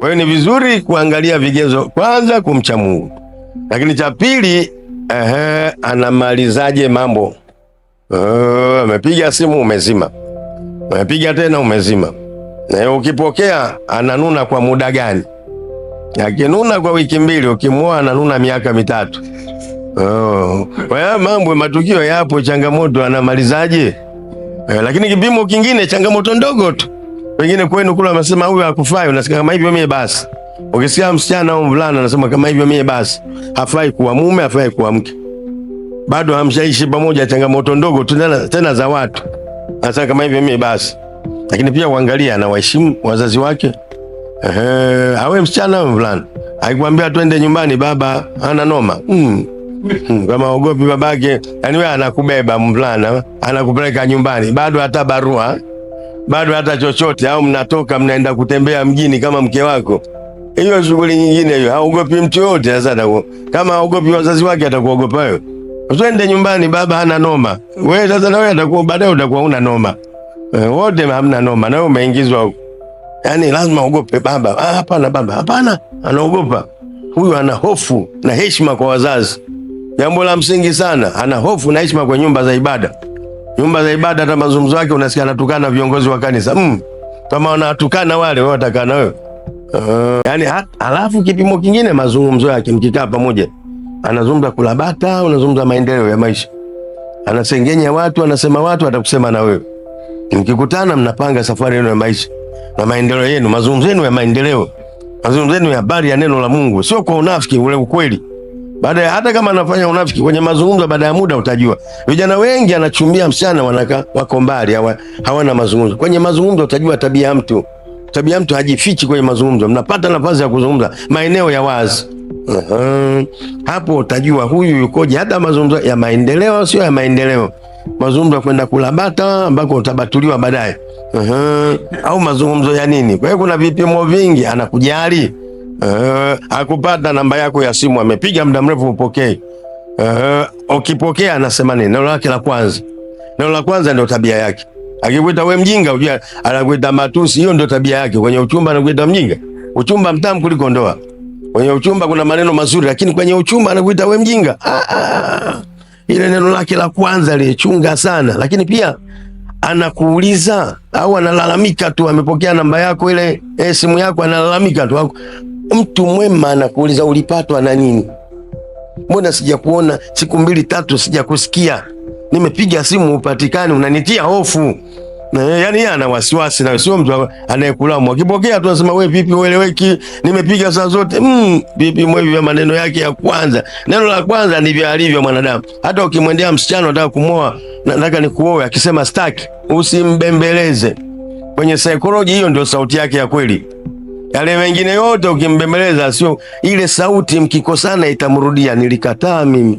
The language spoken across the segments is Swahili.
Kwa hiyo ni vizuri kuangalia vigezo kwanza, kumcha Mungu, lakini cha pili, ehe, anamalizaje mambo? Eh, amepiga simu umezima, amepiga tena umezima. Na ukipokea ananuna kwa muda gani? Akinuna kwa wiki mbili, ukimwoa ananuna miaka mitatu. Oh, kwa mambo matukio yapo, changamoto anamalizaje? Eh, lakini kipimo kingine changamoto ndogo tu Pengine kwenu kule wamesema huyu hakufai, unasikia kama hivyo mie basi. Ukisikia msichana au mvulana anasema kama hivyo mie basi, hafai kuwa mume, hafai kuwa mke. Bado hamshaishi pamoja, changamoto ndogo tena, tena za watu. Anasema kama hivyo mie basi. Lakini pia uangalia na waheshimu wazazi wake. Ehe, awe msichana au mvulana. Haikwambia twende nyumbani baba, ana noma. Mm. Mm, kama ogopi babake, yani wewe anakubeba mvulana, anakupeleka nyumbani, bado hata barua bado hata chochote, au mnatoka mnaenda kutembea mjini kama mke wako, hiyo shughuli nyingine hiyo, haogopi mtu yote. Sasa kama haogopi wazazi wake, atakuogopa wewe? Twende nyumbani, baba hana noma. Wewe sasa na wewe atakuwa baadaye utakuwa una noma, eh, wote hamna noma, na wewe umeingizwa huko. Yaani lazima ogope baba. Ah, hapana baba, hapana, anaogopa huyu, ana hofu na heshima kwa wazazi, jambo la msingi sana. Ana hofu na heshima kwa nyumba za ibada nyumba za ibada, hata mazungumzo yake unasikia anatukana viongozi wa kanisa mm. Kama wanatukana wale, wewe watakana wewe uh, yani hat, alafu kipimo kingine mazungumzo yake, mkikaa pamoja anazungumza kulabata, unazungumza maendeleo ya maisha, anasengenya watu, anasema watu, atakusema na wewe. Mkikutana mnapanga safari yenu ya maisha na maendeleo yenu, mazungumzo yenu ya maendeleo, mazungumzo yenu ya habari ya neno la Mungu, sio kwa unafiki, ule ukweli baada ya hata kama anafanya unafiki kwenye mazungumzo, baada ya muda utajua. Vijana wengi anachumbia msichana, wanaka wako mbali, hawana mazungumzo. Kwenye mazungumzo utajua tabia ya mtu. Tabia ya mtu hajifichi kwenye mazungumzo, mnapata nafasi ya kuzungumza maeneo ya wazi. Uhum. Hapo utajua huyu yukoje, hata mazungumzo ya maendeleo, sio ya maendeleo, mazungumzo kwenda kulabata ambako utabatuliwa baadaye, au mazungumzo ya nini. Kwa hiyo kuna vipimo vingi, anakujali Uh, akupata namba yako ya simu, amepiga muda mrefu upokee. Uh, ukipokea anasema nini? Neno lake la kwanza, neno la kwanza ndio tabia yake. Akikuita we mjinga, unajua anakuita matusi. Hiyo ndio tabia yake. Kwenye uchumba anakuita mjinga. Uchumba mtamu kuliko ndoa. Kwenye uchumba kuna maneno mazuri, lakini kwenye uchumba anakuita we mjinga. Ah, ah. ah. Ile neno lake la kwanza lichunga sana, lakini pia anakuuliza au analalamika tu, amepokea namba yako ile, e, simu yako, analalamika tu mtu mwema anakuuliza ulipatwa na nini? Mbona sijakuona siku mbili tatu, sijakusikia, nimepiga simu upatikani, unanitia hofu. Yaani yeye ana wasiwasi na sio mtu anayekulamu. Akipokea tu anasema wewe vipi, ueleweki, nimepiga saa zote. Mm, vipi mwevi vya maneno yake ya kwanza. Neno la kwanza ni vya alivyo mwanadamu. Hata ukimwendea msichana unataka kumoa, nataka nikuoe, akisema staki, usimbembeleze. Kwenye saikolojia hiyo ndio sauti yake ya kweli. Yale mengine yote ukimbembeleza, sio ile sauti, mkikosana itamrudia. Nilikataa mimi,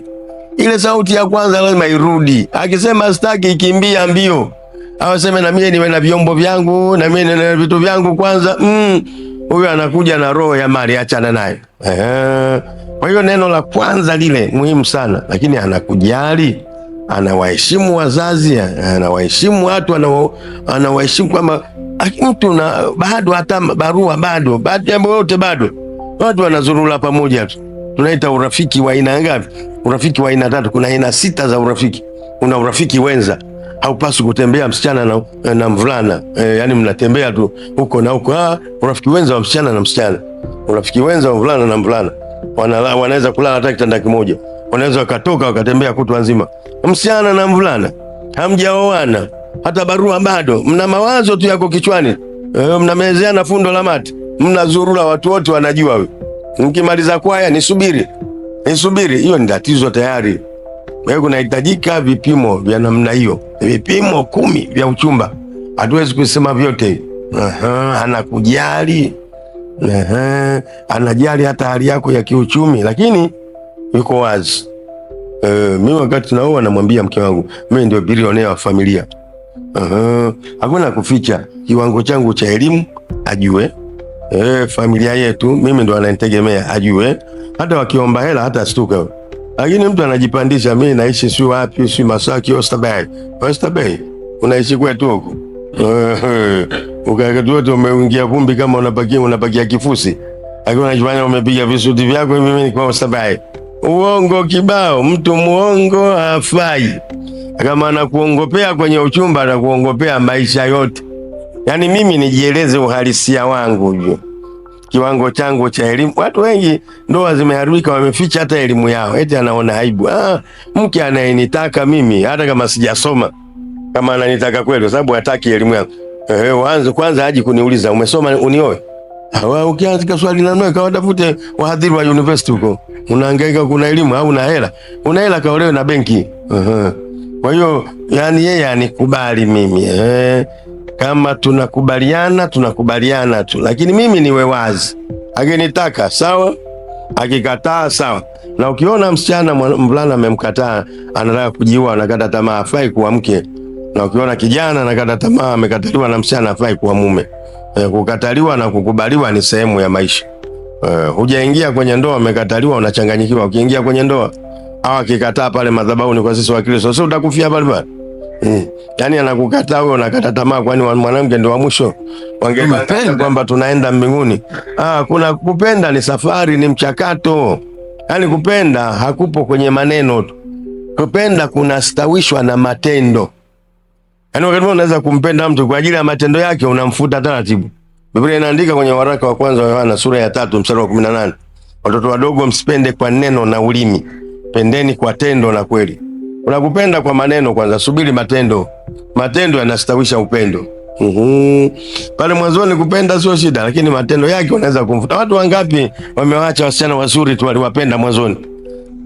ile sauti ya kwanza lazima irudi. Akisema sitaki, ikimbia mbio, awaseme na mimi niwe na vyombo vyangu, na mimi na vitu vyangu kwanza. Mm, huyo anakuja na roho ya mali, achana naye. kwa hiyo neno la kwanza lile muhimu sana, lakini anakujali anawaheshimu wazazi, anawaheshimu watu, anawaheshimu kwamba mtu na bado hata barua bado bado jambo yote bado, watu wanazurula pamoja tu. Tunaita urafiki wa aina ngapi? Urafiki wa aina tatu. Kuna aina sita za urafiki. Kuna urafiki wenza, haupaswi kutembea msichana na, na mvulana e, yani mnatembea tu huko na huko. Ah, urafiki wenza wa msichana na msichana, urafiki wenza wa mvulana na mvulana, wanaweza kulala hata kitanda kimoja, wanaweza wakatoka wakatembea kutwa nzima. Msichana na mvulana hamjaoana hata barua bado. Mna mawazo tu yako kichwani, eh, mnamezea na fundo la mate, mnazurura, watu wote wanajua. We mkimaliza kwaya, nisubiri nisubiri, hiyo ni tatizo tayari. Wewe kunahitajika vipimo vya namna hiyo, vipimo kumi vya uchumba. Hatuwezi kusema vyote. Aha, anakujali Aha, anajali hata hali yako ya kiuchumi, lakini yuko wazi. E, eh, mi wakati naoa namwambia mke wangu, mi ndio bilionea wa familia. Hakuna kuficha, kiwango changu cha elimu ajue, eh, familia yetu mimi ndo anaitegemea ajue, hata wakiomba hela hata stuka. Lakini mtu anajipandisha, mimi naishi si wapi, si Masaki, Oysterbay. Oysterbay unaishi kwetu huko ukakati wote umeingia vumbi kama unapakia unapakia kifusi, akiwa unajifanya umepiga visuti vyako, mimi ni kwa Oysterbay. Uongo kibao, mtu muongo hafai kama anakuongopea kwenye uchumba, anakuongopea maisha yote. Yaani mimi nijieleze uhalisia wangu ju kiwango changu cha elimu. Watu wengi ndoa zimeharibika, wameficha hata elimu yao, eti anaona aibu. Ah, mke anayenitaka mimi, hata kama sijasoma, kama ananitaka kweli, kwa sababu hataki elimu yangu. Eh, wanzo kwanza aje kuniuliza umesoma unioe? Hawa ah, ukianza swali la ndoa kawadafute wahadhiri wa university huko. Unahangaika, kuna elimu au una hela? Una hela kaolewe na benki. Uh -huh. Kwa hiyo yani yeye anikubali mimi eh, kama tunakubaliana tunakubaliana tu, lakini mimi niwe wazi, akinitaka sawa, akikataa sawa. Na ukiona msichana mvulana amemkataa, anataka kujiua, anakata tamaa, afai kuwa mke, na ukiona kijana anakata tamaa, amekataliwa na msichana, afai kuwa mume. Eh, kukataliwa na kukubaliwa ni sehemu ya maisha. Eh, hujaingia kwenye ndoa, umekataliwa, unachanganyikiwa. Ukiingia kwenye ndoa au akikataa pale madhabahu ni kwa sisi wa Kristo, sasa utakufia pale pale eh. Yani anakukataa wewe, unakata tamaa, kwani mwanamke ndio wa mwisho? Wangependa kwamba tunaenda mbinguni. Ah, kuna kupenda ni safari, ni mchakato. Yani kupenda hakupo kwenye maneno tu, kupenda kunastawishwa na matendo. Yani wakati unaweza kumpenda mtu kwa ajili ya matendo yake, unamfuta taratibu. Biblia inaandika kwenye waraka wa kwanza wa Yohana sura ya tatu mstari wa 18 watoto wadogo msipende kwa neno na ulimi pendeni kwa tendo la kweli. Unakupenda kwa maneno kwanza, subiri matendo. Matendo yanastawisha upendo. Uhum. Pale mwanzoni kupenda sio shida, lakini matendo yake unaweza kumfuta. Watu wangapi wamewacha wasichana wazuri tu waliwapenda mwanzoni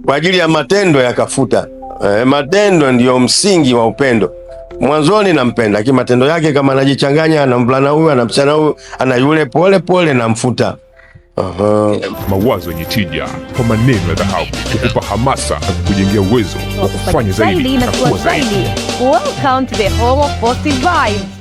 kwa ajili ya matendo yakafuta. E, matendo ndiyo msingi wa upendo. Mwanzoni nampenda, lakini matendo yake kama anajichanganya, ana mvulana huyu, ana msichana huyu, ana yule, pole pole namfuta. Aha. Mawazo yenye tija kwa maneno ya dhahabu kukupa hamasa na kukujengea uwezo wa kufanya zaidi na kuwa zaidi. Welcome to the home of positive vibes.